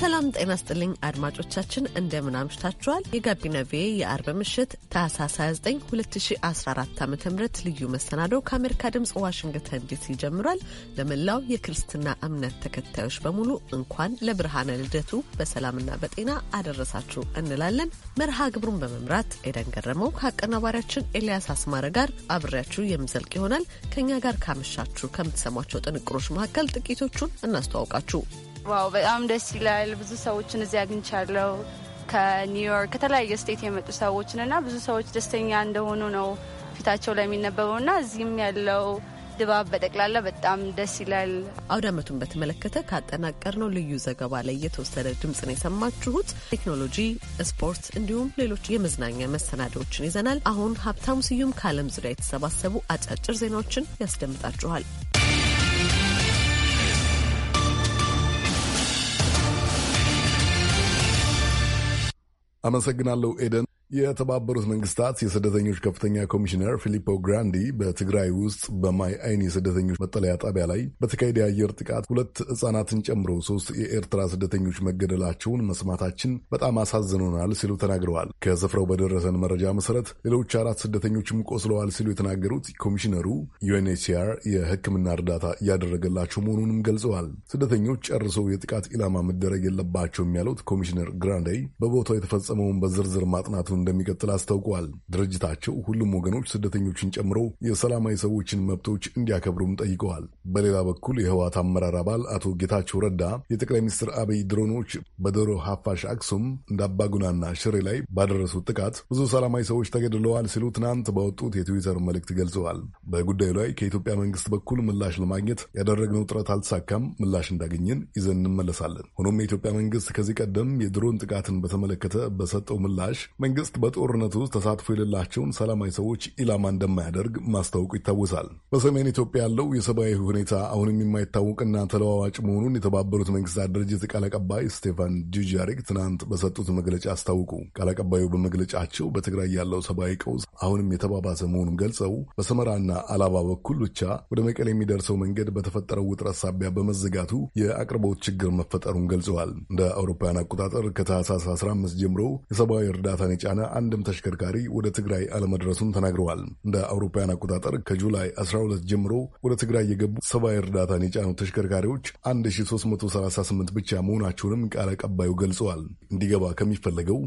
ሰላም ጤና ስጥልኝ አድማጮቻችን፣ እንደምን አምሽታችኋል? የጋቢና ቪ የአርብ ምሽት ታህሳስ 29 2014 ዓ ም ልዩ መሰናዶው ከአሜሪካ ድምፅ ዋሽንግተን ዲሲ ጀምሯል። ለመላው የክርስትና እምነት ተከታዮች በሙሉ እንኳን ለብርሃነ ልደቱ በሰላምና በጤና አደረሳችሁ እንላለን። መርሃ ግብሩን በመምራት ኤደን ገረመው ከአቀናባሪያችን ኤልያስ አስማረ ጋር አብሬያችሁ የምዘልቅ ይሆናል። ከእኛ ጋር ካመሻችሁ ከምትሰሟቸው ጥንቅሮች መካከል ጥቂቶቹን እናስተዋውቃችሁ። ዋው በጣም ደስ ይላል። ብዙ ሰዎችን እዚህ አግኝቻለሁ። ከኒውዮርክ ከተለያየ ስቴት የመጡ ሰዎችን እና ብዙ ሰዎች ደስተኛ እንደሆኑ ነው ፊታቸው ላይ የሚነበበው እና እዚህም ያለው ድባብ በጠቅላላ በጣም ደስ ይላል። አውደ አመቱን በተመለከተ ካጠናቀርነው ልዩ ዘገባ ላይ የተወሰደ ነው የሰማችሁት። ቴክኖሎጂ፣ ስፖርት እንዲሁም ሌሎች የመዝናኛ መሰናዶዎችን ይዘናል። አሁን ሀብታሙ ስዩም ከአለም ዙሪያ የተሰባሰቡ አጫጭር ዜናዎችን ያስደምጣችኋል። አመሰግናለሁ ኤደን። የተባበሩት መንግስታት የስደተኞች ከፍተኛ ኮሚሽነር ፊሊፖ ግራንዲ በትግራይ ውስጥ በማይ አይን የስደተኞች መጠለያ ጣቢያ ላይ በተካሄደ የአየር ጥቃት ሁለት ህጻናትን ጨምሮ ሶስት የኤርትራ ስደተኞች መገደላቸውን መስማታችን በጣም አሳዝኖናል ሲሉ ተናግረዋል። ከስፍራው በደረሰን መረጃ መሰረት ሌሎች አራት ስደተኞችም ቆስለዋል ሲሉ የተናገሩት ኮሚሽነሩ ዩኤንኤችሲአር የሕክምና እርዳታ እያደረገላቸው መሆኑንም ገልጸዋል። ስደተኞች ጨርሶ የጥቃት ኢላማ መደረግ የለባቸውም ያሉት ኮሚሽነር ግራንዴ በቦታው የተፈጸመውን በዝርዝር ማጥናቱን እንደሚቀጥል አስታውቋል። ድርጅታቸው ሁሉም ወገኖች ስደተኞችን ጨምሮ የሰላማዊ ሰዎችን መብቶች እንዲያከብሩም ጠይቀዋል። በሌላ በኩል የህወሓት አመራር አባል አቶ ጌታቸው ረዳ የጠቅላይ ሚኒስትር አብይ ድሮኖች በዶሮ ሀፋሽ፣ አክሱም፣ እንዳባጉናና ሽሬ ላይ ባደረሱት ጥቃት ብዙ ሰላማዊ ሰዎች ተገድለዋል ሲሉ ትናንት ባወጡት የትዊተር መልእክት ገልጸዋል። በጉዳዩ ላይ ከኢትዮጵያ መንግስት በኩል ምላሽ ለማግኘት ያደረግነው ጥረት አልተሳካም። ምላሽ እንዳገኘን ይዘን እንመለሳለን። ሆኖም የኢትዮጵያ መንግስት ከዚህ ቀደም የድሮን ጥቃትን በተመለከተ በሰጠው ምላሽ መንግስት መንግስት በጦርነት ውስጥ ተሳትፎ የሌላቸውን ሰላማዊ ሰዎች ኢላማ እንደማያደርግ ማስታወቁ ይታወሳል። በሰሜን ኢትዮጵያ ያለው የሰብአዊ ሁኔታ አሁንም የማይታወቅና ተለዋዋጭ መሆኑን የተባበሩት መንግስታት ድርጅት ቃል አቀባይ ስቴፋን ጁጃሪክ ትናንት በሰጡት መግለጫ አስታውቁ። ቃል አቀባዩ በመግለጫቸው በትግራይ ያለው ሰብአዊ ቀውስ አሁንም የተባባሰ መሆኑን ገልጸው በሰመራና አላባ በኩል ብቻ ወደ መቀሌ የሚደርሰው መንገድ በተፈጠረው ውጥረት ሳቢያ በመዘጋቱ የአቅርቦት ችግር መፈጠሩን ገልጸዋል። እንደ አውሮፓውያን አቆጣጠር ከታህሳስ 15 ጀምሮ የሰብአዊ እርዳታን የጫነ የተጫነ አንድም ተሽከርካሪ ወደ ትግራይ አለመድረሱን ተናግረዋል። እንደ አውሮፓውያን አቆጣጠር ከጁላይ 12 ጀምሮ ወደ ትግራይ የገቡ ሰብአዊ እርዳታን የጫኑ ተሽከርካሪዎች 1338 ብቻ መሆናቸውንም ቃል አቀባዩ ገልጸዋል። እንዲገባ ከሚፈለገው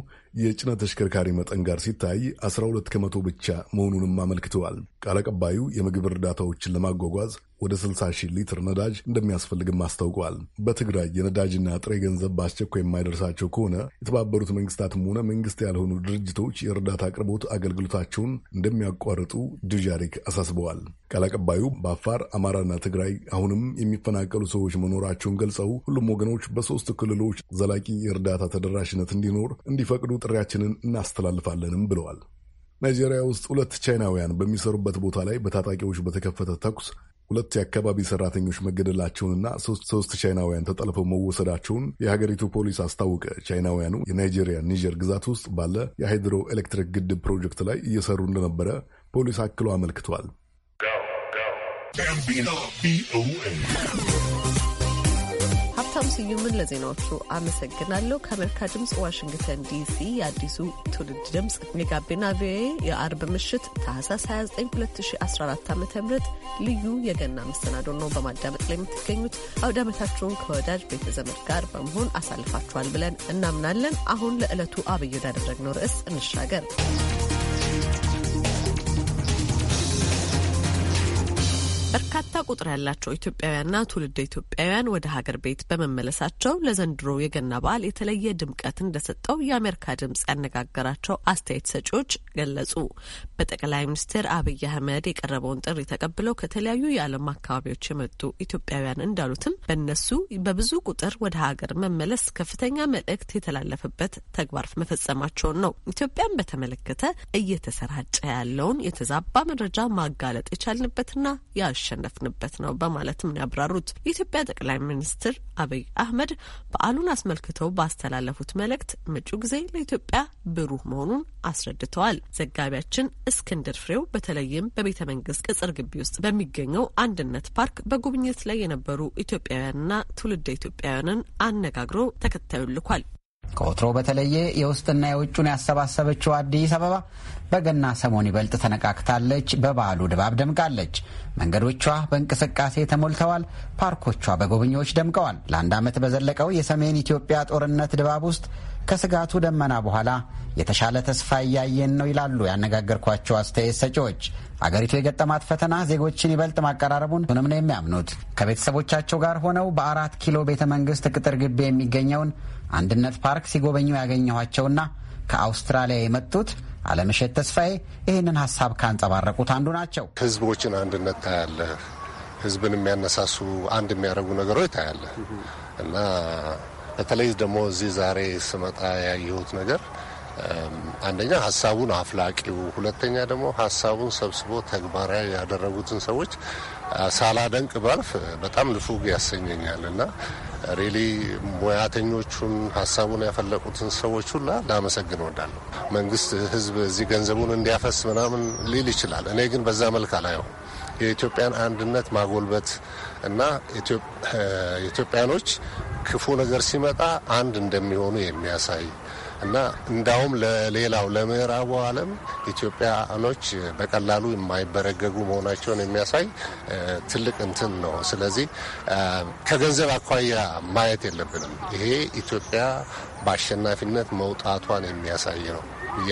የጭነት ተሽከርካሪ መጠን ጋር ሲታይ 12 ከመቶ ብቻ መሆኑንም አመልክተዋል። ቃል አቀባዩ የምግብ እርዳታዎችን ለማጓጓዝ ወደ 60 ሺህ ሊትር ነዳጅ እንደሚያስፈልግም አስታውቀዋል። በትግራይ የነዳጅና ጥሬ ገንዘብ በአስቸኳይ የማይደርሳቸው ከሆነ የተባበሩት መንግስታትም ሆነ መንግስት ያልሆኑ ድርጅቶች የእርዳታ አቅርቦት አገልግሎታቸውን እንደሚያቋርጡ ዱጃሪክ አሳስበዋል። ቃል አቀባዩ በአፋር አማራና ትግራይ አሁንም የሚፈናቀሉ ሰዎች መኖራቸውን ገልጸው ሁሉም ወገኖች በሦስት ክልሎች ዘላቂ የእርዳታ ተደራሽነት እንዲኖር እንዲፈቅዱ ጥሪያችንን እናስተላልፋለንም ብለዋል። ናይጄሪያ ውስጥ ሁለት ቻይናውያን በሚሰሩበት ቦታ ላይ በታጣቂዎች በተከፈተ ተኩስ ሁለት የአካባቢ ሰራተኞች መገደላቸውንና ሶስት ቻይናውያን ተጠልፈው መወሰዳቸውን የሀገሪቱ ፖሊስ አስታወቀ። ቻይናውያኑ የናይጄሪያ ኒጀር ግዛት ውስጥ ባለ የሃይድሮ ኤሌክትሪክ ግድብ ፕሮጀክት ላይ እየሰሩ እንደነበረ ፖሊስ አክሎ አመልክቷል። ሀብታም ስዩምን ለዜናዎቹ አመሰግናለሁ። ከአሜሪካ ድምፅ ዋሽንግተን ዲሲ የአዲሱ ትውልድ ድምፅ የጋቢና ቪኦኤ የአርብ ምሽት ታህሳስ 29 2014 ዓ ም ልዩ የገና መሰናዶ ነው በማዳመጥ ላይ የምትገኙት። አውደ ዓመታችሁን ከወዳጅ ቤተዘመድ ጋር በመሆን አሳልፋችኋል ብለን እናምናለን። አሁን ለዕለቱ አብይ ወዳደረግነው ርዕስ እንሻገር። በርካታ ቁጥር ያላቸው ኢትዮጵያውያንና ትውልደ ኢትዮጵያውያን ወደ ሀገር ቤት በመመለሳቸው ለዘንድሮ የገና በዓል የተለየ ድምቀት እንደሰጠው የአሜሪካ ድምጽ ያነጋገራቸው አስተያየት ሰጪዎች ገለጹ። በጠቅላይ ሚኒስትር አብይ አህመድ የቀረበውን ጥሪ ተቀብለው ከተለያዩ የዓለም አካባቢዎች የመጡ ኢትዮጵያውያን እንዳሉትም በእነሱ በብዙ ቁጥር ወደ ሀገር መመለስ ከፍተኛ መልእክት የተላለፈበት ተግባር መፈጸማቸውን ነው። ኢትዮጵያን በተመለከተ እየተሰራጨ ያለውን የተዛባ መረጃ ማጋለጥ የቻልንበትና ያ ያሸነፍንበት ነው በማለትም ነው ያብራሩት። የኢትዮጵያ ጠቅላይ ሚኒስትር አብይ አህመድ በዓሉን አስመልክተው ባስተላለፉት መልእክት ምጩ ጊዜ ለኢትዮጵያ ብሩህ መሆኑን አስረድተዋል። ዘጋቢያችን እስክንድር ፍሬው በተለይም በቤተ መንግስት ቅጽር ግቢ ውስጥ በሚገኘው አንድነት ፓርክ በጉብኝት ላይ የነበሩ ኢትዮጵያውያንና ትውልደ ኢትዮጵያውያንን አነጋግሮ ተከታዩን ልኳል። ከወትሮ በተለየ የውስጥና የውጩን ያሰባሰበችው አዲስ አበባ በገና ሰሞን ይበልጥ ተነቃክታለች። በባህሉ ድባብ ደምቃለች። መንገዶቿ በእንቅስቃሴ ተሞልተዋል። ፓርኮቿ በጎብኚዎች ደምቀዋል። ለአንድ ዓመት በዘለቀው የሰሜን ኢትዮጵያ ጦርነት ድባብ ውስጥ ከስጋቱ ደመና በኋላ የተሻለ ተስፋ እያየን ነው ይላሉ ያነጋገርኳቸው አስተያየት ሰጪዎች። አገሪቱ የገጠማት ፈተና ዜጎችን ይበልጥ ማቀራረቡን ሁንም ነው የሚያምኑት። ከቤተሰቦቻቸው ጋር ሆነው በአራት ኪሎ ቤተ መንግስት ቅጥር ግቢ የሚገኘውን አንድነት ፓርክ ሲጎበኙ ያገኘኋቸውና ከአውስትራሊያ የመጡት አለመሸት ተስፋዬ ይህንን ሀሳብ ካንጸባረቁት አንዱ ናቸው። ህዝቦችን አንድነት ታያለህ። ህዝብን የሚያነሳሱ አንድ የሚያደርጉ ነገሮች ታያለህ እና በተለይ ደግሞ እዚህ ዛሬ ስመጣ ያየሁት ነገር አንደኛ ሀሳቡን አፍላቂው፣ ሁለተኛ ደግሞ ሀሳቡን ሰብስቦ ተግባራዊ ያደረጉትን ሰዎች ሳላደንቅ ባልፍ በጣም ልፉግ ያሰኘኛል እና ሬሊ ሙያተኞቹን ሀሳቡን ያፈለቁትን ሰዎች ሁላ ላመሰግን ወዳለሁ መንግስት ህዝብ እዚህ ገንዘቡን እንዲያፈስ ምናምን ሊል ይችላል። እኔ ግን በዛ መልክ አላየው። የኢትዮጵያን አንድነት ማጎልበት እና ኢትዮጵያኖች ክፉ ነገር ሲመጣ አንድ እንደሚሆኑ የሚያሳይ እና እንዳውም ለሌላው ለምዕራቡ ዓለም ኢትዮጵያኖች በቀላሉ የማይበረገጉ መሆናቸውን የሚያሳይ ትልቅ እንትን ነው። ስለዚህ ከገንዘብ አኳያ ማየት የለብንም። ይሄ ኢትዮጵያ በአሸናፊነት መውጣቷን የሚያሳይ ነው ብዬ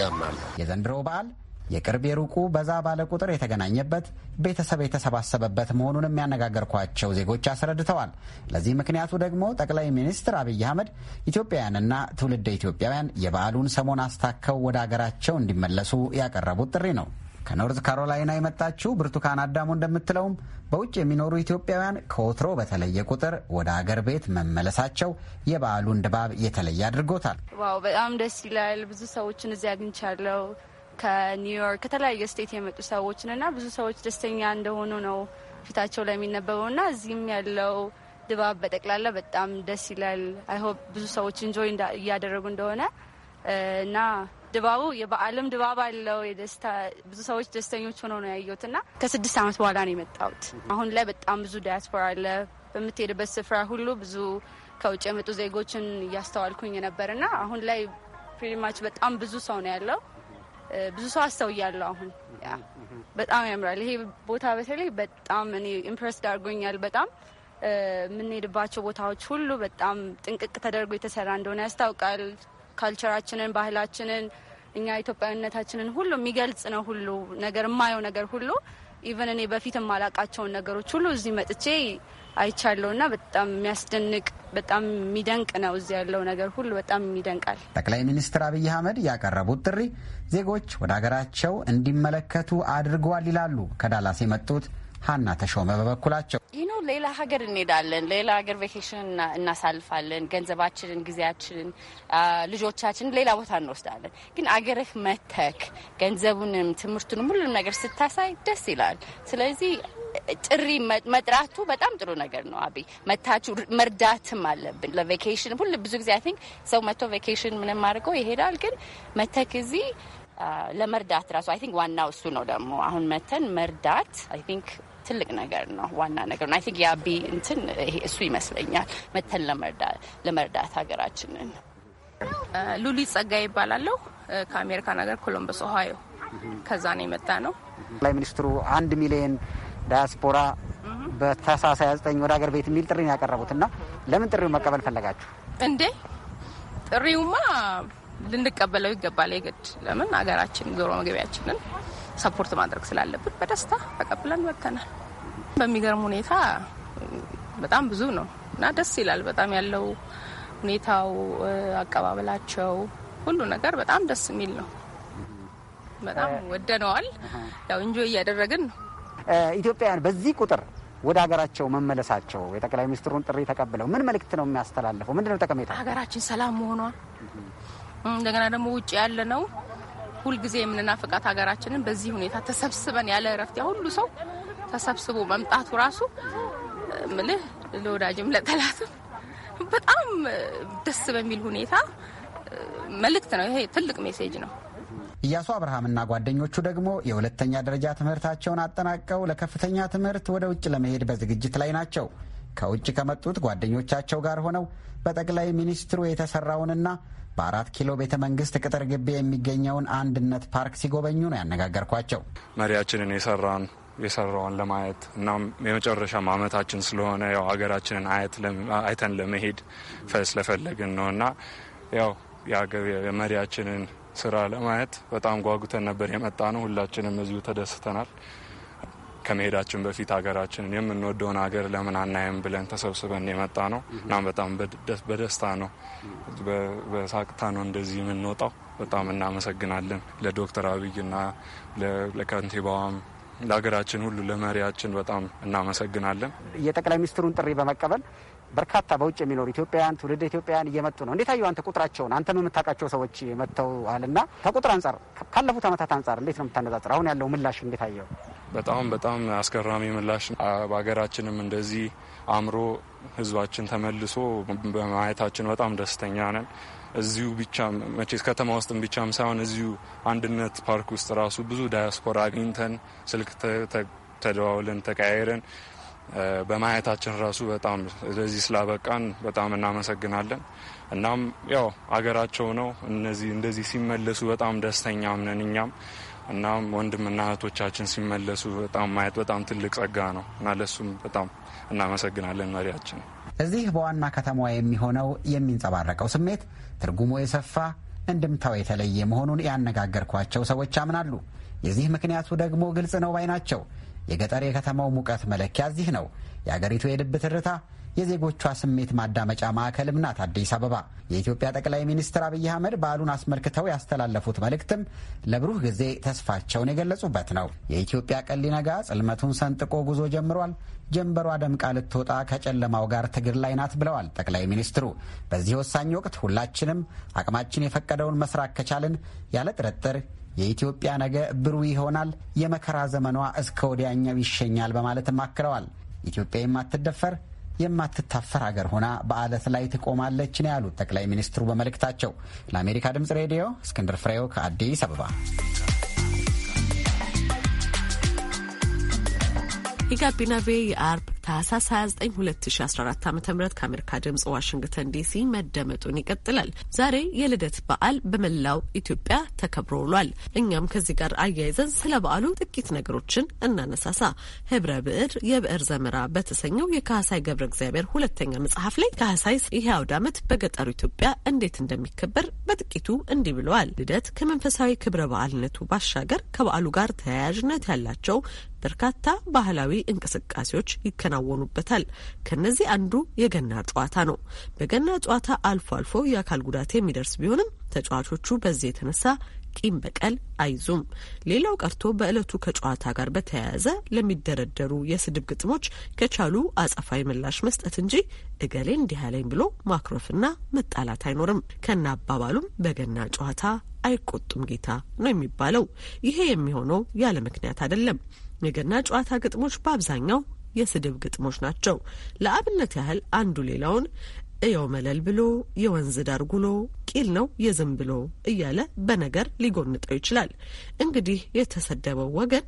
የዘንድሮ በዓል የቅርብ የሩቁ በዛ ባለ ቁጥር የተገናኘበት ቤተሰብ የተሰባሰበበት መሆኑንም ያነጋገርኳቸው ዜጎች አስረድተዋል። ለዚህ ምክንያቱ ደግሞ ጠቅላይ ሚኒስትር አብይ አህመድ ኢትዮጵያውያንና ትውልደ ኢትዮጵያውያን የበዓሉን ሰሞን አስታከው ወደ አገራቸው እንዲመለሱ ያቀረቡት ጥሪ ነው። ከኖርዝ ካሮላይና የመጣችው ብርቱካን አዳሙ እንደምትለውም በውጭ የሚኖሩ ኢትዮጵያውያን ከወትሮ በተለየ ቁጥር ወደ አገር ቤት መመለሳቸው የበዓሉን ድባብ የተለየ አድርጎታል። ዋው በጣም ደስ ይላል። ብዙ ሰዎችን እዚያ አግኝቻለሁ። ከኒውዮርክ ከተለያዩ ስቴት የመጡ ሰዎችን እና ብዙ ሰዎች ደስተኛ እንደሆኑ ነው ፊታቸው ላይ የሚነበበው እና እዚህም ያለው ድባብ በጠቅላላ በጣም ደስ ይላል። አይሆፕ ብዙ ሰዎች እንጆይ እያደረጉ እንደሆነ እና ድባቡ የበዓልም ድባብ አለው። የደስታ ብዙ ሰዎች ደስተኞች ሆነው ነው ያየሁት እና ከስድስት ዓመት በኋላ ነው የመጣሁት። አሁን ላይ በጣም ብዙ ዳያስፖራ አለ። በምትሄድበት ስፍራ ሁሉ ብዙ ከውጭ የመጡ ዜጎችን እያስተዋልኩኝ ነበር እና አሁን ላይ ፕሪማች በጣም ብዙ ሰው ነው ያለው ብዙ ሰው አስተውያለሁ። አሁን በጣም ያምራል ይሄ ቦታ በተለይ በጣም እኔ ኢምፕረስድ አድርጎኛል። በጣም የምንሄድባቸው ቦታዎች ሁሉ በጣም ጥንቅቅ ተደርጎ የተሰራ እንደሆነ ያስታውቃል። ካልቸራችንን፣ ባህላችንን፣ እኛ ኢትዮጵያዊነታችንን ሁሉ የሚገልጽ ነው። ሁሉ ነገር የማየው ነገር ሁሉ ኢቨን እኔ በፊት የማላቃቸውን ነገሮች ሁሉ እዚህ መጥቼ አይቻለው እና በጣም የሚያስደንቅ በጣም የሚደንቅ ነው። እዚ ያለው ነገር ሁሉ በጣም ይደንቃል። ጠቅላይ ሚኒስትር አብይ አህመድ ያቀረቡት ጥሪ ዜጎች ወደ ሀገራቸው እንዲመለከቱ አድርገዋል ይላሉ ከዳላስ የመጡት ሀና ተሾመ በበኩላቸው ይህ ነው። ሌላ ሀገር እንሄዳለን፣ ሌላ ሀገር ቬኬሽን እናሳልፋለን፣ ገንዘባችንን፣ ጊዜያችንን፣ ልጆቻችንን ሌላ ቦታ እንወስዳለን። ግን አገርህ መተክ ገንዘቡንም፣ ትምህርቱንም ሁሉንም ነገር ስታሳይ ደስ ይላል። ስለዚህ ጥሪ መጥራቱ በጣም ጥሩ ነገር ነው። አቢ መታችሁ መርዳትም አለብን። ለቬኬሽን ሁሉ ብዙ ጊዜ አይ ቲንክ ሰው መቶ ቬኬሽን ምንም አድርገው ይሄዳል። ግን መተክ እዚህ ለመርዳት ራሱ አይ ቲንክ ዋናው እሱ ነው። ደግሞ አሁን መተን መርዳት አይ ቲንክ ትልቅ ነገር ነው፣ ዋና ነገር ነው። አይ ቲንክ የአቢ እንትን እሱ ይመስለኛል። መተን ለመርዳት ሀገራችንን። ሉሊ ጸጋ ይባላለሁ ከአሜሪካን ሀገር ኮሎምበስ ኦሃዮ ከዛ ነው የመጣ ነው። ጠቅላይ ሚኒስትሩ አንድ ሚሊየን ዳያስፖራ በተሳሳይ ዘጠኝ ወደ ሀገር ቤት የሚል ጥሪ ነው ያቀረቡት እና ለምን ጥሪው መቀበል ፈለጋችሁ? እንዴ ጥሪውማ ልንቀበለው ይገባል የግድ። ለምን ሀገራችን ዶሮ መግቢያችንን ሰፖርት ማድረግ ስላለብን በደስታ ተቀብለን መጥተናል። በሚገርም ሁኔታ በጣም ብዙ ነው እና ደስ ይላል። በጣም ያለው ሁኔታው፣ አቀባበላቸው፣ ሁሉ ነገር በጣም ደስ የሚል ነው። በጣም ወደነዋል። ያው እንጆ እያደረግን ነው ኢትዮጵያውያን በዚህ ቁጥር ወደ ሀገራቸው መመለሳቸው የጠቅላይ ሚኒስትሩን ጥሪ ተቀብለው ምን መልእክት ነው የሚያስተላልፈው? ምንድን ነው ጠቀሜታ? ሀገራችን ሰላም መሆኗ እንደገና ደግሞ ውጭ ያለ ነው ሁልጊዜ የምንናፍቃት ሀገራችንን በዚህ ሁኔታ ተሰብስበን ያለ እረፍት ሁሉ ሰው ተሰብስቦ መምጣቱ ራሱ ምልህ ለወዳጅም ለጠላትም በጣም ደስ በሚል ሁኔታ መልእክት ነው። ይሄ ትልቅ ሜሴጅ ነው። እያሱ አብርሃምና ጓደኞቹ ደግሞ የሁለተኛ ደረጃ ትምህርታቸውን አጠናቀው ለከፍተኛ ትምህርት ወደ ውጭ ለመሄድ በዝግጅት ላይ ናቸው። ከውጭ ከመጡት ጓደኞቻቸው ጋር ሆነው በጠቅላይ ሚኒስትሩ የተሰራውንና በአራት ኪሎ ቤተ መንግስት ቅጥር ግቢ የሚገኘውን አንድነት ፓርክ ሲጎበኙ ነው ያነጋገርኳቸው። መሪያችንን የሰራን የሰራውን ለማየት እናም የመጨረሻ ዓመታችን ስለሆነ ያው ሀገራችንን አይተን ለመሄድ ስለፈለግን ነው እና ያው የመሪያችንን ስራ ለማየት በጣም ጓጉተን ነበር የመጣ ነው። ሁላችንም እዚሁ ተደስተናል። ከመሄዳችን በፊት ሀገራችንን የምንወደውን ሀገር ለምን አናየም ብለን ተሰብስበን የመጣ ነው። እናም በጣም በደስታ ነው በሳቅታ ነው እንደዚህ የምንወጣው። በጣም እናመሰግናለን ለዶክተር አብይና ለከንቲባዋም ለሀገራችን ሁሉ ለመሪያችን በጣም እናመሰግናለን። የጠቅላይ ሚኒስትሩን ጥሪ በመቀበል በርካታ በውጭ የሚኖሩ ኢትዮጵያውያን ትውልድ ኢትዮጵያውያን እየመጡ ነው። እንዴት አዩ አንተ ቁጥራቸውን አንተ የምታውቃቸው ሰዎች መጥተዋል እና ከቁጥር አንጻር ካለፉት ዓመታት አንጻር እንዴት ነው የምታነጻጽር? አሁን ያለው ምላሽ እንዴት አየው? በጣም በጣም አስገራሚ ምላሽ በሀገራችንም እንደዚህ አምሮ ህዝባችን ተመልሶ በማየታችን በጣም ደስተኛ ነን። እዚሁ ብቻ መቼስ ከተማ ውስጥም ብቻም ሳይሆን እዚሁ አንድነት ፓርክ ውስጥ ራሱ ብዙ ዳያስፖራ አግኝተን ስልክ ተደዋውለን ተቀያየረን በማየታችን ራሱ በጣም ለዚህ ስላበቃን በጣም እናመሰግናለን። እናም ያው አገራቸው ነው እነዚህ እንደዚህ ሲመለሱ በጣም ደስተኛ ምነን እኛም። እናም ወንድምና እህቶቻችን ሲመለሱ በጣም ማየት በጣም ትልቅ ጸጋ ነው እና ለሱም በጣም እናመሰግናለን መሪያችን። እዚህ በዋና ከተማዋ የሚሆነው የሚንጸባረቀው ስሜት ትርጉሙ የሰፋ እንድምታው የተለየ መሆኑን ያነጋገርኳቸው ሰዎች ያምናሉ። የዚህ ምክንያቱ ደግሞ ግልጽ ነው ባይ ናቸው። የገጠር የከተማው ሙቀት መለኪያ እዚህ ነው። የአገሪቱ የልብ ትርታ የዜጎቿ ስሜት ማዳመጫ ማዕከልም ናት አዲስ አበባ። የኢትዮጵያ ጠቅላይ ሚኒስትር አብይ አህመድ በዓሉን አስመልክተው ያስተላለፉት መልእክትም ለብሩህ ጊዜ ተስፋቸውን የገለጹበት ነው። የኢትዮጵያ ቀን ሊነጋ ጽልመቱን ሰንጥቆ ጉዞ ጀምሯል። ጀንበሯ ደምቃ ልትወጣ ከጨለማው ጋር ትግል ላይ ናት ብለዋል ጠቅላይ ሚኒስትሩ። በዚህ ወሳኝ ወቅት ሁላችንም አቅማችን የፈቀደውን መስራት ከቻልን ያለ ጥርጥር የኢትዮጵያ ነገ ብሩህ ይሆናል፣ የመከራ ዘመኗ እስከ ወዲያኛው ይሸኛል በማለትም አክለዋል። ኢትዮጵያ የማትደፈር የማትታፈር አገር ሆና በአለት ላይ ትቆማለች ነው ያሉት ጠቅላይ ሚኒስትሩ በመልእክታቸው። ለአሜሪካ ድምፅ ሬዲዮ እስክንድር ፍሬው ከአዲስ አበባ የጋቢና ቬ የአርብ ታህሳስ 29 2014 ዓ ም ከአሜሪካ ድምፅ ዋሽንግተን ዲሲ መደመጡን ይቀጥላል። ዛሬ የልደት በዓል በመላው ኢትዮጵያ ተከብሮ ውሏል። እኛም ከዚህ ጋር አያይዘን ስለ በዓሉ ጥቂት ነገሮችን እናነሳሳ። ህብረ ብዕር የብዕር ዘመራ በተሰኘው የካህሳይ ገብረ እግዚአብሔር ሁለተኛ መጽሐፍ ላይ ካህሳይ ይህ አውደ ዓመት በገጠሩ ኢትዮጵያ እንዴት እንደሚከበር በጥቂቱ እንዲህ ብለዋል። ልደት ከመንፈሳዊ ክብረ በዓልነቱ ባሻገር ከበዓሉ ጋር ተያያዥነት ያላቸው በርካታ ባህላዊ እንቅስቃሴዎች ይከናወኑበታል። ከነዚህ አንዱ የገና ጨዋታ ነው። በገና ጨዋታ አልፎ አልፎ የአካል ጉዳት የሚደርስ ቢሆንም ተጫዋቾቹ በዚህ የተነሳ ቂም በቀል አይዙም። ሌላው ቀርቶ በእለቱ ከጨዋታ ጋር በተያያዘ ለሚደረደሩ የስድብ ግጥሞች ከቻሉ አጸፋዊ ምላሽ መስጠት እንጂ እገሌ እንዲህ ያለኝ ብሎ ማክረፍና መጣላት አይኖርም። ከነ አባባሉም በገና ጨዋታ አይቆጡም ጌታ ነው የሚባለው። ይሄ የሚሆነው ያለ ምክንያት አይደለም። የገና ጨዋታ ግጥሞች በአብዛኛው የስድብ ግጥሞች ናቸው። ለአብነት ያህል አንዱ ሌላውን እየው መለል ብሎ የወንዝ ዳር ጉሎ ቂል ነው የዝም ብሎ እያለ በነገር ሊጎንጠው ይችላል። እንግዲህ የተሰደበው ወገን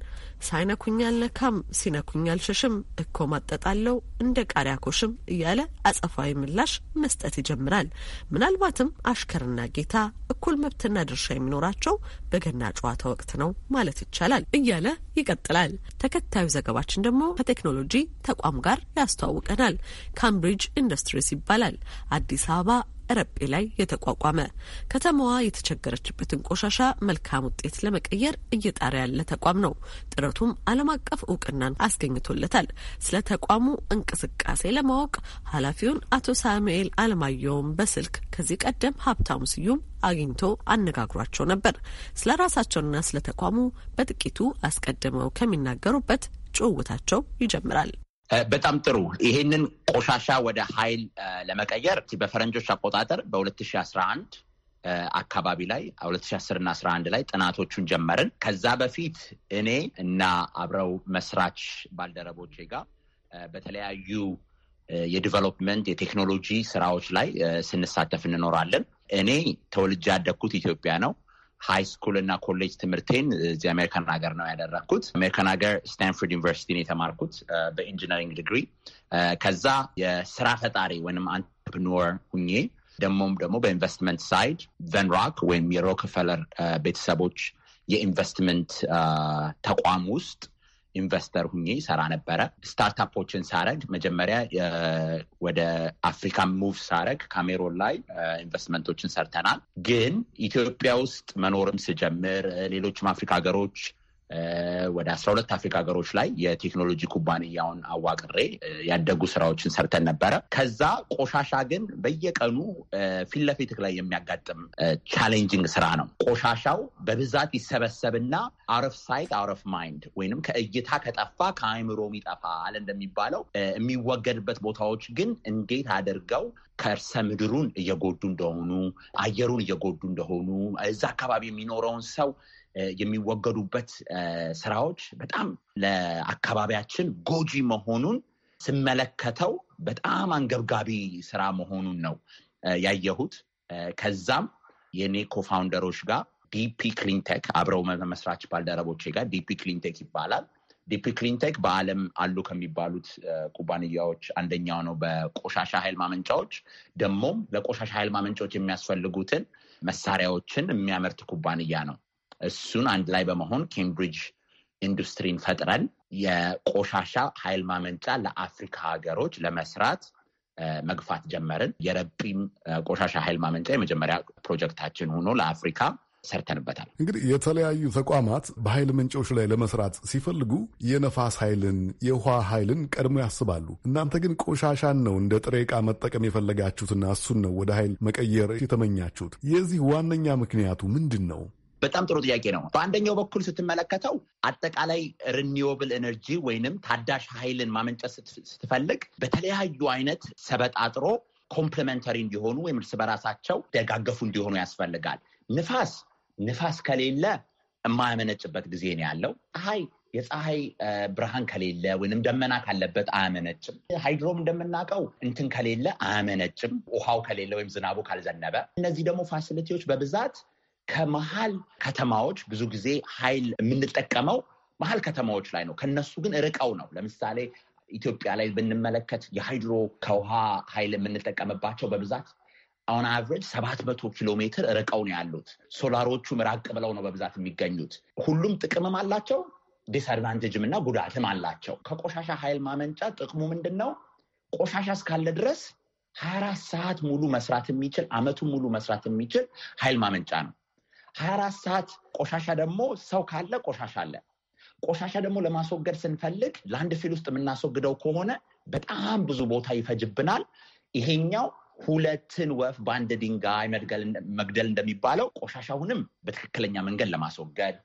ሳይነኩኝ አልነካም፣ ሲነኩኝ አልሸሽም፣ እኮ ማጠጣለው፣ እንደ ቃሪያ ኮሽም እያለ አጸፋዊ ምላሽ መስጠት ይጀምራል። ምናልባትም አሽከርና ጌታ እኩል መብትና ድርሻ የሚኖራቸው በገና ጨዋታ ወቅት ነው ማለት ይቻላል እያለ ይቀጥላል። ተከታዩ ዘገባችን ደግሞ ከቴክኖሎጂ ተቋም ጋር ያስተዋውቀናል። ካምብሪጅ ኢንዱስትሪስ ይባላል። አዲስ አበባ ረጴ ላይ የተቋቋመ ከተማዋ የተቸገረችበትን ቆሻሻ መልካም ውጤት ለመቀየር እየጣረ ያለ ተቋም ነው። ጥረቱም ዓለም አቀፍ እውቅናን አስገኝቶለታል። ስለ ተቋሙ እንቅስቃሴ ለማወቅ ኃላፊውን አቶ ሳሙኤል አለማየሁን በስልክ ከዚህ ቀደም ሀብታሙ ስዩም አግኝቶ አነጋግሯቸው ነበር። ስለ ራሳቸውና ስለ ተቋሙ በጥቂቱ አስቀድመው ከሚናገሩበት ጭውውታቸው ይጀምራል። በጣም ጥሩ። ይሄንን ቆሻሻ ወደ ኃይል ለመቀየር በፈረንጆች አቆጣጠር በ2011 አካባቢ ላይ 2010 እና 11 ላይ ጥናቶቹን ጀመርን። ከዛ በፊት እኔ እና አብረው መስራች ባልደረቦቼ ጋር በተለያዩ የዲቨሎፕመንት የቴክኖሎጂ ስራዎች ላይ ስንሳተፍ እንኖራለን። እኔ ተወልጄ ያደግኩት ኢትዮጵያ ነው። ሀይ ስኩል እና ኮሌጅ ትምህርቴን እዚ አሜሪካን ሀገር ነው ያደረግኩት። አሜሪካን ሀገር ስታንፎርድ ዩኒቨርሲቲ ነው የተማርኩት በኢንጂነሪንግ ዲግሪ። ከዛ የስራ ፈጣሪ ወይም አንትርፕኖር ሁኜ ደግሞም ደግሞ በኢንቨስትመንት ሳይድ ቨንሮክ ወይም የሮክፈለር ቤተሰቦች የኢንቨስትመንት ተቋም ውስጥ ኢንቨስተር ሁኜ ሰራ ነበረ። ስታርታፖችን ሳረግ መጀመሪያ ወደ አፍሪካ ሙቭ ሳረግ ካሜሮን ላይ ኢንቨስትመንቶችን ሰርተናል። ግን ኢትዮጵያ ውስጥ መኖርም ስጀምር ሌሎችም አፍሪካ ሀገሮች ወደ አስራ ሁለት አፍሪካ ሀገሮች ላይ የቴክኖሎጂ ኩባንያውን አዋቅሬ ያደጉ ስራዎችን ሰርተን ነበረ። ከዛ ቆሻሻ ግን በየቀኑ ፊት ለፊት ላይ የሚያጋጥም ቻሌንጂንግ ስራ ነው። ቆሻሻው በብዛት ይሰበሰብና አረፍ ሳይት አረፍ ማይንድ ወይንም ከእይታ ከጠፋ ከአእምሮ አለ እንደሚባለው የሚወገድበት ቦታዎች ግን እንዴት አድርገው ከእርሰ ምድሩን እየጎዱ እንደሆኑ፣ አየሩን እየጎዱ እንደሆኑ እዛ አካባቢ የሚኖረውን ሰው የሚወገዱበት ስራዎች በጣም ለአካባቢያችን ጎጂ መሆኑን ስመለከተው በጣም አንገብጋቢ ስራ መሆኑን ነው ያየሁት። ከዛም የኔ ኮፋውንደሮች ጋር ዲፒ ክሊንቴክ አብረው መስራች ባልደረቦቼ ጋር ዲፒ ክሊንቴክ ይባላል። ዲፒ ክሊንቴክ በዓለም አሉ ከሚባሉት ኩባንያዎች አንደኛው ነው። በቆሻሻ ኃይል ማመንጫዎች ደግሞም ለቆሻሻ ኃይል ማመንጫዎች የሚያስፈልጉትን መሳሪያዎችን የሚያመርት ኩባንያ ነው። እሱን አንድ ላይ በመሆን ኬምብሪጅ ኢንዱስትሪን ፈጥረን የቆሻሻ ኃይል ማመንጫ ለአፍሪካ ሀገሮች ለመስራት መግፋት ጀመርን። የረጲም ቆሻሻ ኃይል ማመንጫ የመጀመሪያ ፕሮጀክታችን ሆኖ ለአፍሪካ ሰርተንበታል። እንግዲህ የተለያዩ ተቋማት በኃይል ምንጮች ላይ ለመስራት ሲፈልጉ የነፋስ ኃይልን፣ የውሃ ኃይልን ቀድሞ ያስባሉ። እናንተ ግን ቆሻሻን ነው እንደ ጥሬ ዕቃ መጠቀም የፈለጋችሁትና እሱን ነው ወደ ኃይል መቀየር የተመኛችሁት። የዚህ ዋነኛ ምክንያቱ ምንድን ነው? በጣም ጥሩ ጥያቄ ነው። በአንደኛው በኩል ስትመለከተው አጠቃላይ ሪኒዌብል ኤነርጂ ወይንም ታዳሽ ኃይልን ማመንጨት ስትፈልግ በተለያዩ አይነት ሰበጣጥሮ ኮምፕሊመንተሪ እንዲሆኑ ወይም እርስ በራሳቸው ደጋገፉ እንዲሆኑ ያስፈልጋል። ንፋስ ንፋስ ከሌለ የማያመነጭበት ጊዜ ነው ያለው። ፀሐይ የፀሐይ ብርሃን ከሌለ ወይም ደመና ካለበት አያመነጭም። ሃይድሮም እንደምናውቀው እንትን ከሌለ አያመነጭም፣ ውሃው ከሌለ ወይም ዝናቡ ካልዘነበ። እነዚህ ደግሞ ፋሲሊቲዎች በብዛት ከመሀል ከተማዎች ብዙ ጊዜ ኃይል የምንጠቀመው መሀል ከተማዎች ላይ ነው። ከነሱ ግን ርቀው ነው። ለምሳሌ ኢትዮጵያ ላይ ብንመለከት የሃይድሮ ከውሃ ኃይል የምንጠቀምባቸው በብዛት አሁን አቨሬጅ ሰባት መቶ ኪሎ ሜትር ርቀው ነው ያሉት። ሶላሮቹም ራቅ ብለው ነው በብዛት የሚገኙት። ሁሉም ጥቅምም አላቸው፣ ዲስአድቫንቴጅም እና ጉዳትም አላቸው። ከቆሻሻ ኃይል ማመንጫ ጥቅሙ ምንድን ነው? ቆሻሻ እስካለ ድረስ ሀያ አራት ሰዓት ሙሉ መስራት የሚችል አመቱን ሙሉ መስራት የሚችል ኃይል ማመንጫ ነው። ሀያ አራት ሰዓት ቆሻሻ ደግሞ ሰው ካለ ቆሻሻ አለ። ቆሻሻ ደግሞ ለማስወገድ ስንፈልግ ለአንድ ፊል ውስጥ የምናስወግደው ከሆነ በጣም ብዙ ቦታ ይፈጅብናል። ይሄኛው ሁለትን ወፍ በአንድ ድንጋይ መግደል እንደሚባለው ቆሻሻውንም በትክክለኛ መንገድ ለማስወገድ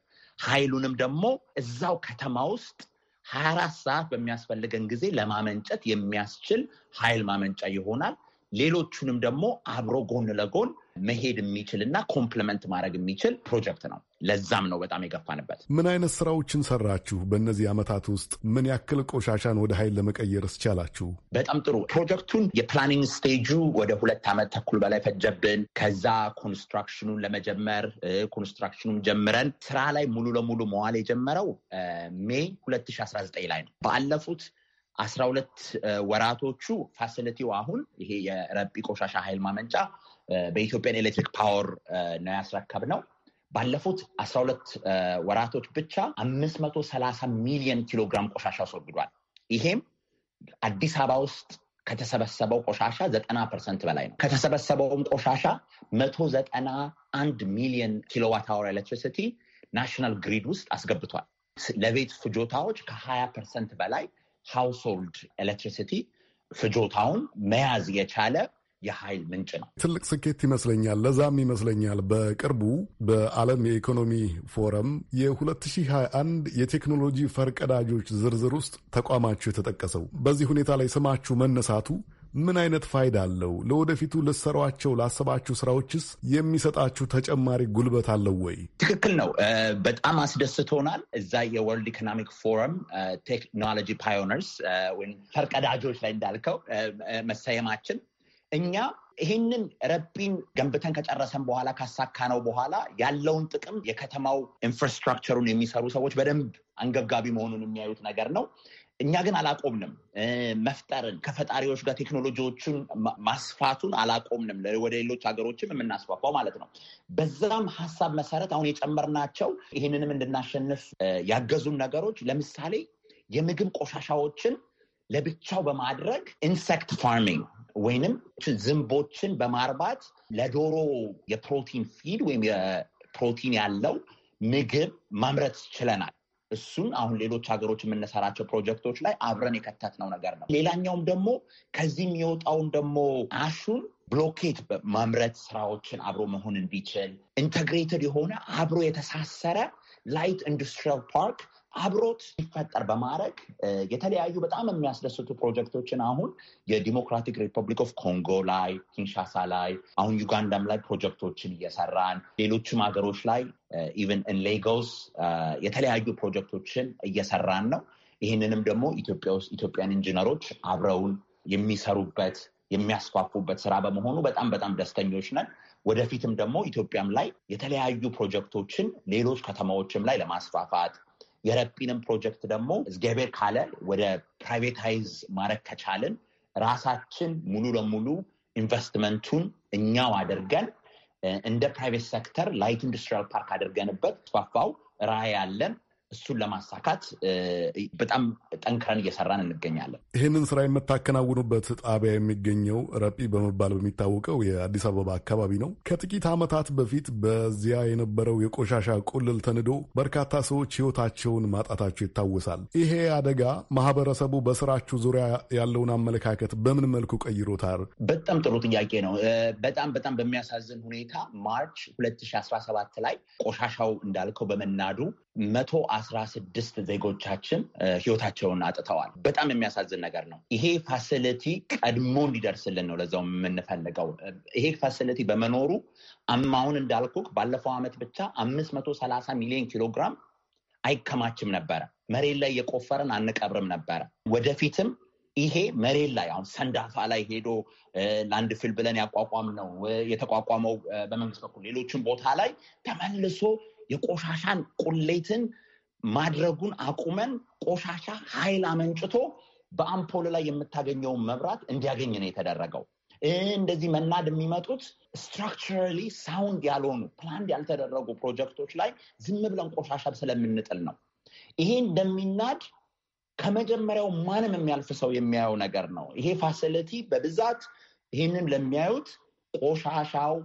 ኃይሉንም ደግሞ እዛው ከተማ ውስጥ ሀያ አራት ሰዓት በሚያስፈልገን ጊዜ ለማመንጨት የሚያስችል ኃይል ማመንጫ ይሆናል። ሌሎቹንም ደግሞ አብሮ ጎን ለጎን መሄድ የሚችል እና ኮምፕለመንት ማድረግ የሚችል ፕሮጀክት ነው። ለዛም ነው በጣም የገፋንበት። ምን አይነት ስራዎችን ሰራችሁ? በእነዚህ ዓመታት ውስጥ ምን ያክል ቆሻሻን ወደ ኃይል ለመቀየር እስቻላችሁ? በጣም ጥሩ። ፕሮጀክቱን የፕላኒንግ ስቴጁ ወደ ሁለት ዓመት ተኩል በላይ ፈጀብን። ከዛ ኮንስትራክሽኑን ለመጀመር ኮንስትራክሽኑን ጀምረን ስራ ላይ ሙሉ ለሙሉ መዋል የጀመረው ሜይ 2019 ላይ ነው። ባለፉት አስራ ሁለት ወራቶቹ ፋሲሊቲው አሁን ይሄ የረጲ ቆሻሻ ኃይል ማመንጫ በኢትዮጵያን ኤሌክትሪክ ፓወር ነው ያስረከብ ነው። ባለፉት አስራ ሁለት ወራቶች ብቻ አምስት መቶ ሰላሳ ሚሊዮን ኪሎ ግራም ቆሻሻ አስወግዷል። ይሄም አዲስ አበባ ውስጥ ከተሰበሰበው ቆሻሻ ዘጠና ፐርሰንት በላይ ነው። ከተሰበሰበውም ቆሻሻ መቶ ዘጠና አንድ ሚሊዮን ኪሎዋት አወር ኤሌክትሪሲቲ ናሽናል ግሪድ ውስጥ አስገብቷል። ለቤት ፍጆታዎች ከሀያ ፐርሰንት በላይ ሃውስሆልድ ኤሌክትሪሲቲ ፍጆታውን መያዝ የቻለ የኃይል ምንጭ ነው። ትልቅ ስኬት ይመስለኛል። ለዛም ይመስለኛል በቅርቡ በዓለም የኢኮኖሚ ፎረም የ2021 የቴክኖሎጂ ፈርቀዳጆች ዝርዝር ውስጥ ተቋማችሁ የተጠቀሰው። በዚህ ሁኔታ ላይ ስማችሁ መነሳቱ ምን አይነት ፋይዳ አለው? ለወደፊቱ ልትሰሯቸው ላሰባችሁ ስራዎችስ የሚሰጣችሁ ተጨማሪ ጉልበት አለው ወይ? ትክክል ነው። በጣም አስደስቶናል። እዛ የወርልድ ኢኮኖሚክ ፎረም ቴክኖሎጂ ፓዮነርስ ወይም ፈርቀዳጆች ላይ እንዳልከው መሰየማችን እኛ ይህንን ረቢን ገንብተን ከጨረሰን በኋላ ካሳካ ነው በኋላ ያለውን ጥቅም የከተማው ኢንፍራስትራክቸሩን የሚሰሩ ሰዎች በደንብ አንገብጋቢ መሆኑን የሚያዩት ነገር ነው። እኛ ግን አላቆምንም። መፍጠርን ከፈጣሪዎች ጋር ቴክኖሎጂዎቹን ማስፋቱን አላቆምንም። ወደ ሌሎች ሀገሮችም የምናስፋፋው ማለት ነው። በዛም ሀሳብ መሰረት አሁን የጨመርናቸው ይህንንም እንድናሸንፍ ያገዙን ነገሮች ለምሳሌ የምግብ ቆሻሻዎችን ለብቻው በማድረግ ኢንሴክት ፋርሚንግ ወይንም ዝንቦችን በማርባት ለዶሮ የፕሮቲን ፊድ ወይም የፕሮቲን ያለው ምግብ ማምረት ችለናል። እሱን አሁን ሌሎች ሀገሮች የምንሰራቸው ፕሮጀክቶች ላይ አብረን የከተትነው ነገር ነው። ሌላኛውም ደግሞ ከዚህ የሚወጣውን ደግሞ አሹን ብሎኬት ማምረት ስራዎችን አብሮ መሆን እንዲችል ኢንተግሬትድ የሆነ አብሮ የተሳሰረ ላይት ኢንዱስትሪያል ፓርክ አብሮት ሲፈጠር በማድረግ የተለያዩ በጣም የሚያስደስቱ ፕሮጀክቶችን አሁን የዲሞክራቲክ ሪፐብሊክ ኦፍ ኮንጎ ላይ፣ ኪንሻሳ ላይ፣ አሁን ዩጋንዳም ላይ ፕሮጀክቶችን እየሰራን ሌሎችም ሀገሮች ላይ ኢቨን ሌጎስ የተለያዩ ፕሮጀክቶችን እየሰራን ነው። ይህንንም ደግሞ ኢትዮጵያ ውስጥ ኢትዮጵያን ኢንጂነሮች አብረውን የሚሰሩበት የሚያስፋፉበት ስራ በመሆኑ በጣም በጣም ደስተኞች ነን። ወደፊትም ደግሞ ኢትዮጵያም ላይ የተለያዩ ፕሮጀክቶችን ሌሎች ከተማዎችም ላይ ለማስፋፋት የረጲንም ፕሮጀክት ደግሞ እግዚአብሔር ካለ ወደ ፕራይቬታይዝ ማድረግ ከቻልን ራሳችን ሙሉ ለሙሉ ኢንቨስትመንቱን እኛው አድርገን እንደ ፕራይቬት ሴክተር ላይት ኢንዱስትሪያል ፓርክ አድርገንበት ስፋፋው ራይ ያለን እሱን ለማሳካት በጣም ጠንክረን እየሰራን እንገኛለን። ይህንን ስራ የምታከናውኑበት ጣቢያ የሚገኘው ረጲ በመባል በሚታወቀው የአዲስ አበባ አካባቢ ነው። ከጥቂት ዓመታት በፊት በዚያ የነበረው የቆሻሻ ቁልል ተንዶ በርካታ ሰዎች ሕይወታቸውን ማጣታቸው ይታወሳል። ይሄ አደጋ ማህበረሰቡ በስራችሁ ዙሪያ ያለውን አመለካከት በምን መልኩ ቀይሮታል? በጣም ጥሩ ጥያቄ ነው። በጣም በጣም በሚያሳዝን ሁኔታ ማርች 2017 ላይ ቆሻሻው እንዳልከው በመናዱ መቶ አስራ ስድስት ዜጎቻችን ህይወታቸውን አጥተዋል። በጣም የሚያሳዝን ነገር ነው። ይሄ ፋሲሊቲ ቀድሞ እንዲደርስልን ነው ለዛው የምንፈልገው። ይሄ ፋሲሊቲ በመኖሩ አሁን እንዳልኩክ ባለፈው ዓመት ብቻ አምስት መቶ ሰላሳ ሚሊዮን ኪሎግራም አይከማችም ነበረ። መሬት ላይ የቆፈረን አንቀብርም ነበረ። ወደፊትም ይሄ መሬት ላይ አሁን ሰንዳፋ ላይ ሄዶ ለአንድ ብለን ያቋቋም ነው የተቋቋመው በመንግስት በኩል ሌሎችን ቦታ ላይ ተመልሶ የቆሻሻን ቁሌትን ማድረጉን አቁመን ቆሻሻ ኃይል አመንጭቶ በአምፖል ላይ የምታገኘውን መብራት እንዲያገኝ ነው የተደረገው። እንደዚህ መናድ የሚመጡት ስትራክቸራሊ ሳውንድ ያልሆኑ ፕላንድ ያልተደረጉ ፕሮጀክቶች ላይ ዝም ብለን ቆሻሻ ስለምንጥል ነው። ይሄ እንደሚናድ ከመጀመሪያው ማንም የሚያልፍ ሰው የሚያየው ነገር ነው። ይሄ ፋሲሊቲ በብዛት ይህንን ለሚያዩት ቆሻሻው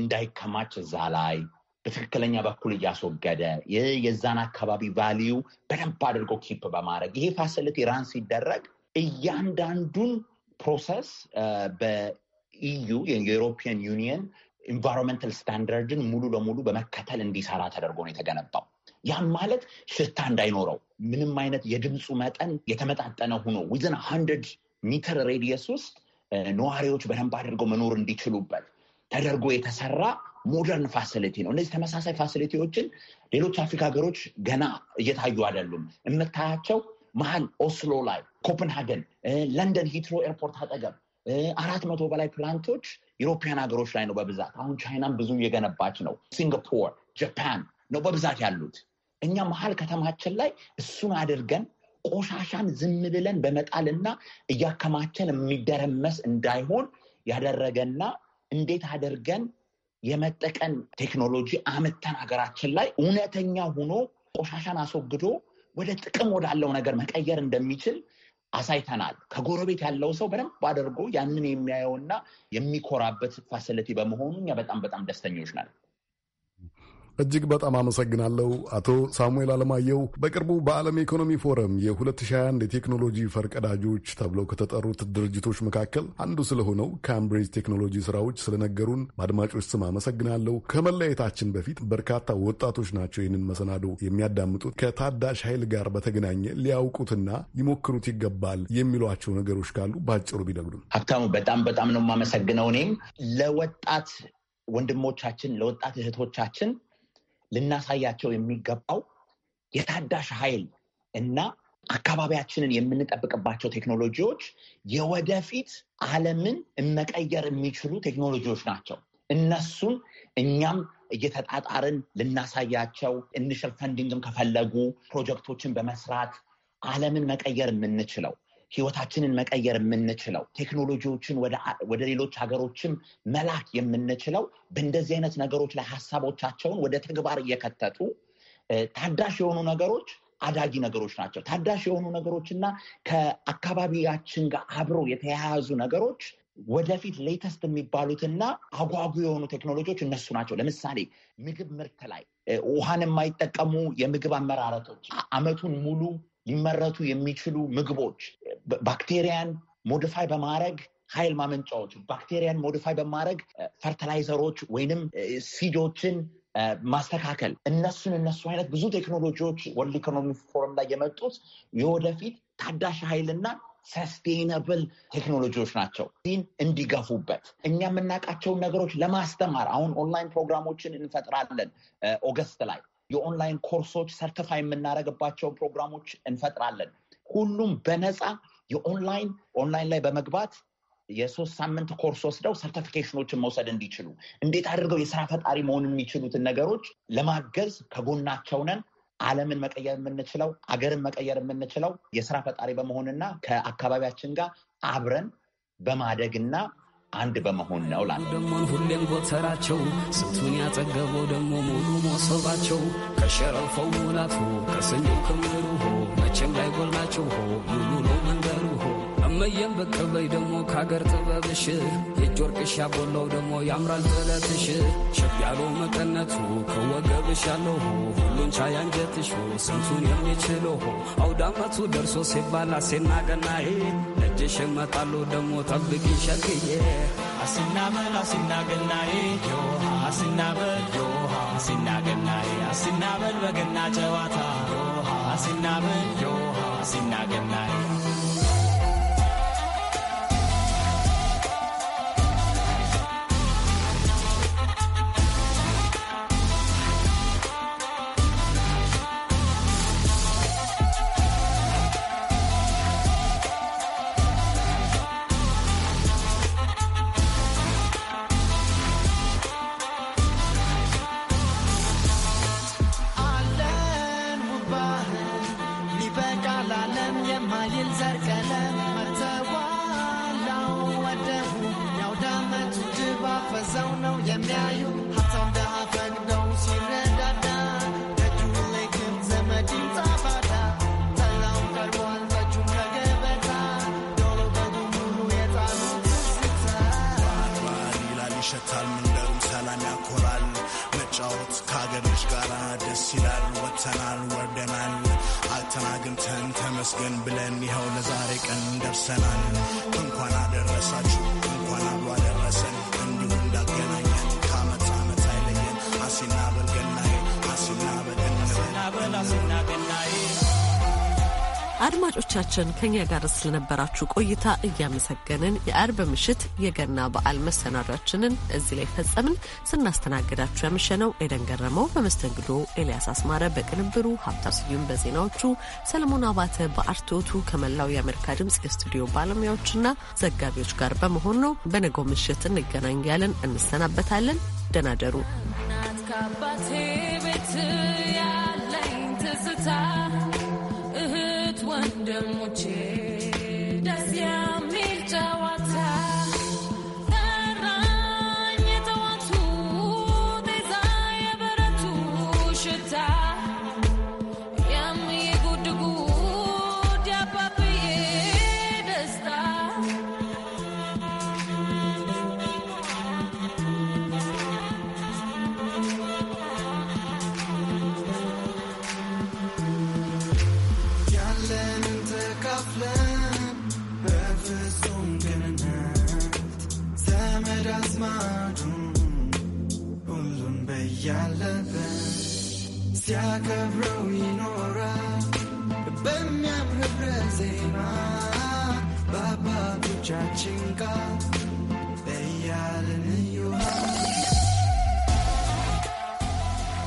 እንዳይከማች እዛ ላይ በትክክለኛ በኩል እያስወገደ የዛን አካባቢ ቫሊዩ በደንብ አድርጎ ኪፕ በማድረግ ይሄ ፋሲሊቲ ራን ሲደረግ እያንዳንዱን ፕሮሰስ በኢዩ የዩሮፒያን ዩኒየን ኢንቫይሮንመንታል ስታንዳርድን ሙሉ ለሙሉ በመከተል እንዲሰራ ተደርጎ ነው የተገነባው። ያም ማለት ሽታ እንዳይኖረው ምንም አይነት የድምፁ መጠን የተመጣጠነ ሆኖ ዊዝን ሀንድርድ ሚተር ሬዲየስ ውስጥ ነዋሪዎች በደንብ አድርገው መኖር እንዲችሉበት ተደርጎ የተሰራ ሞደርን ፋሲሊቲ ነው። እነዚህ ተመሳሳይ ፋሲሊቲዎችን ሌሎች አፍሪካ ሀገሮች ገና እየታዩ አይደሉም። የምታያቸው መሀል ኦስሎ ላይ፣ ኮፐንሃገን፣ ለንደን ሂትሮ ኤርፖርት አጠገብ አራት መቶ በላይ ፕላንቶች ዩሮፒያን ሀገሮች ላይ ነው በብዛት። አሁን ቻይናን ብዙ እየገነባች ነው። ሲንጋፖር፣ ጃፓን ነው በብዛት ያሉት። እኛ መሀል ከተማችን ላይ እሱን አድርገን ቆሻሻን ዝም ብለን በመጣልና እያከማቸን የሚደረመስ እንዳይሆን ያደረገና እንዴት አድርገን የመጠቀም ቴክኖሎጂ አምተን ሀገራችን ላይ እውነተኛ ሆኖ ቆሻሻን አስወግዶ ወደ ጥቅም ወዳለው ነገር መቀየር እንደሚችል አሳይተናል። ከጎረቤት ያለው ሰው በደንብ አድርጎ ያንን የሚያየውና የሚኮራበት ፋሲሊቲ በመሆኑ እኛ በጣም በጣም ደስተኞች ናል። እጅግ በጣም አመሰግናለሁ አቶ ሳሙኤል አለማየሁ። በቅርቡ በዓለም ኢኮኖሚ ፎረም የ2021 የቴክኖሎጂ ፈርቀዳጆች ተብለው ከተጠሩት ድርጅቶች መካከል አንዱ ስለሆነው ካምብሪጅ ቴክኖሎጂ ስራዎች ስለነገሩን በአድማጮች ስም አመሰግናለሁ። ከመለያየታችን በፊት በርካታ ወጣቶች ናቸው ይህንን መሰናዶ የሚያዳምጡት ከታዳሽ ኃይል ጋር በተገናኘ ሊያውቁትና ሊሞክሩት ይገባል የሚሏቸው ነገሮች ካሉ በአጭሩ ቢነግሩን። ሀብታሙ በጣም በጣም ነው የማመሰግነው። እኔም ለወጣት ወንድሞቻችን ለወጣት እህቶቻችን ልናሳያቸው የሚገባው የታዳሽ ኃይል እና አካባቢያችንን የምንጠብቅባቸው ቴክኖሎጂዎች የወደፊት ዓለምን መቀየር የሚችሉ ቴክኖሎጂዎች ናቸው። እነሱን እኛም እየተጣጣርን ልናሳያቸው ኢኒሻል ፈንዲንግም ከፈለጉ ፕሮጀክቶችን በመስራት ዓለምን መቀየር የምንችለው ህይወታችንን መቀየር የምንችለው ቴክኖሎጂዎችን ወደ ሌሎች ሀገሮችም መላክ የምንችለው በእንደዚህ አይነት ነገሮች ላይ ሀሳቦቻቸውን ወደ ተግባር እየከተቱ ታዳሽ የሆኑ ነገሮች አዳጊ ነገሮች ናቸው። ታዳሽ የሆኑ ነገሮች እና ከአካባቢያችን ጋር አብሮ የተያያዙ ነገሮች ወደፊት ሌተስት የሚባሉትና አጓጉ የሆኑ ቴክኖሎጂዎች እነሱ ናቸው። ለምሳሌ ምግብ ምርት ላይ ውሃን የማይጠቀሙ የምግብ አመራረቶች አመቱን ሙሉ ሊመረቱ የሚችሉ ምግቦች ባክቴሪያን ሞዲፋይ በማድረግ ኃይል ማመንጫዎች ባክቴሪያን ሞዲፋይ በማድረግ ፈርታላይዘሮች ወይንም ሲዶችን ማስተካከል እነሱን እነሱ አይነት ብዙ ቴክኖሎጂዎች ወርልድ ኢኮኖሚ ፎረም ላይ የመጡት የወደፊት ታዳሽ ኃይልና ሰስቴናብል ቴክኖሎጂዎች ናቸው። ይህን እንዲገፉበት እኛ የምናውቃቸውን ነገሮች ለማስተማር አሁን ኦንላይን ፕሮግራሞችን እንፈጥራለን ኦገስት ላይ የኦንላይን ኮርሶች ሰርተፋይ የምናደርግባቸውን ፕሮግራሞች እንፈጥራለን። ሁሉም በነፃ የኦንላይን ኦንላይን ላይ በመግባት የሶስት ሳምንት ኮርስ ወስደው ሰርተፊኬሽኖችን መውሰድ እንዲችሉ እንዴት አድርገው የስራ ፈጣሪ መሆን የሚችሉትን ነገሮች ለማገዝ ከጎናቸው ነን። ዓለምን መቀየር የምንችለው አገርን መቀየር የምንችለው የስራ ፈጣሪ በመሆንና ከአካባቢያችን ጋር አብረን በማደግና አንድ በመሆን ነው ላለ ሁሌም ጎተራቸው ስንቱን ያጠገበው ደግሞ ሙሉ መሶባቸው ከሸረፈው ሙላት ሆ ከሰኞው ክምሩ ሆ መቼም ላይ ጎልናቸው ሆ ሙሉ ነው መንገር እመየም ብቅ በይ ደሞ ከሀገር ጥበብሽ የእጅ ወርቅሽ ያጎላው ደሞ ያምራል ጥለትሽ ሸብ ያለው መቀነቱ ከወገብሽ ያለሁ ሁሉን ቻይ አንጀትሽ ስንቱን የሚችለው አውዳመቱ ደርሶ ሲባላ ሲናገናዬ እጅሽ እመጣለሁ ደሞ ጠብቂኝ ሸክዬ አስናበል አስናገናዬ ዮሃ አስናበል ዮሃ አስናገናዬ አስናበል በገና ጨዋታ ዮሃ አስናበል ዮሃ ተሰናግልተን ተመስገን ብለን ይኸው ለዛሬ ቀን ደርሰናል። እንኳን አደረሳችሁ እንኳን አብሮ አደረሰን። አድማጮቻችን ከኛ ጋር ስለነበራችሁ ቆይታ እያመሰገንን የአርብ ምሽት የገና በዓል መሰናዷችንን እዚህ ላይ ፈጸምን። ስናስተናግዳችሁ ያመሸነው ኤደን ገረመው፣ በመስተንግዶ ኤልያስ አስማረ፣ በቅንብሩ ሀብታ ስዩም፣ በዜናዎቹ ሰለሞን አባተ፣ በአርቶቱ ከመላው የአሜሪካ ድምፅ የስቱዲዮ ባለሙያዎችና ዘጋቢዎች ጋር በመሆን ነው። በነገው ምሽት እንገናኛለን። እንሰናበታለን። ያለኝ ደሩ። de moche.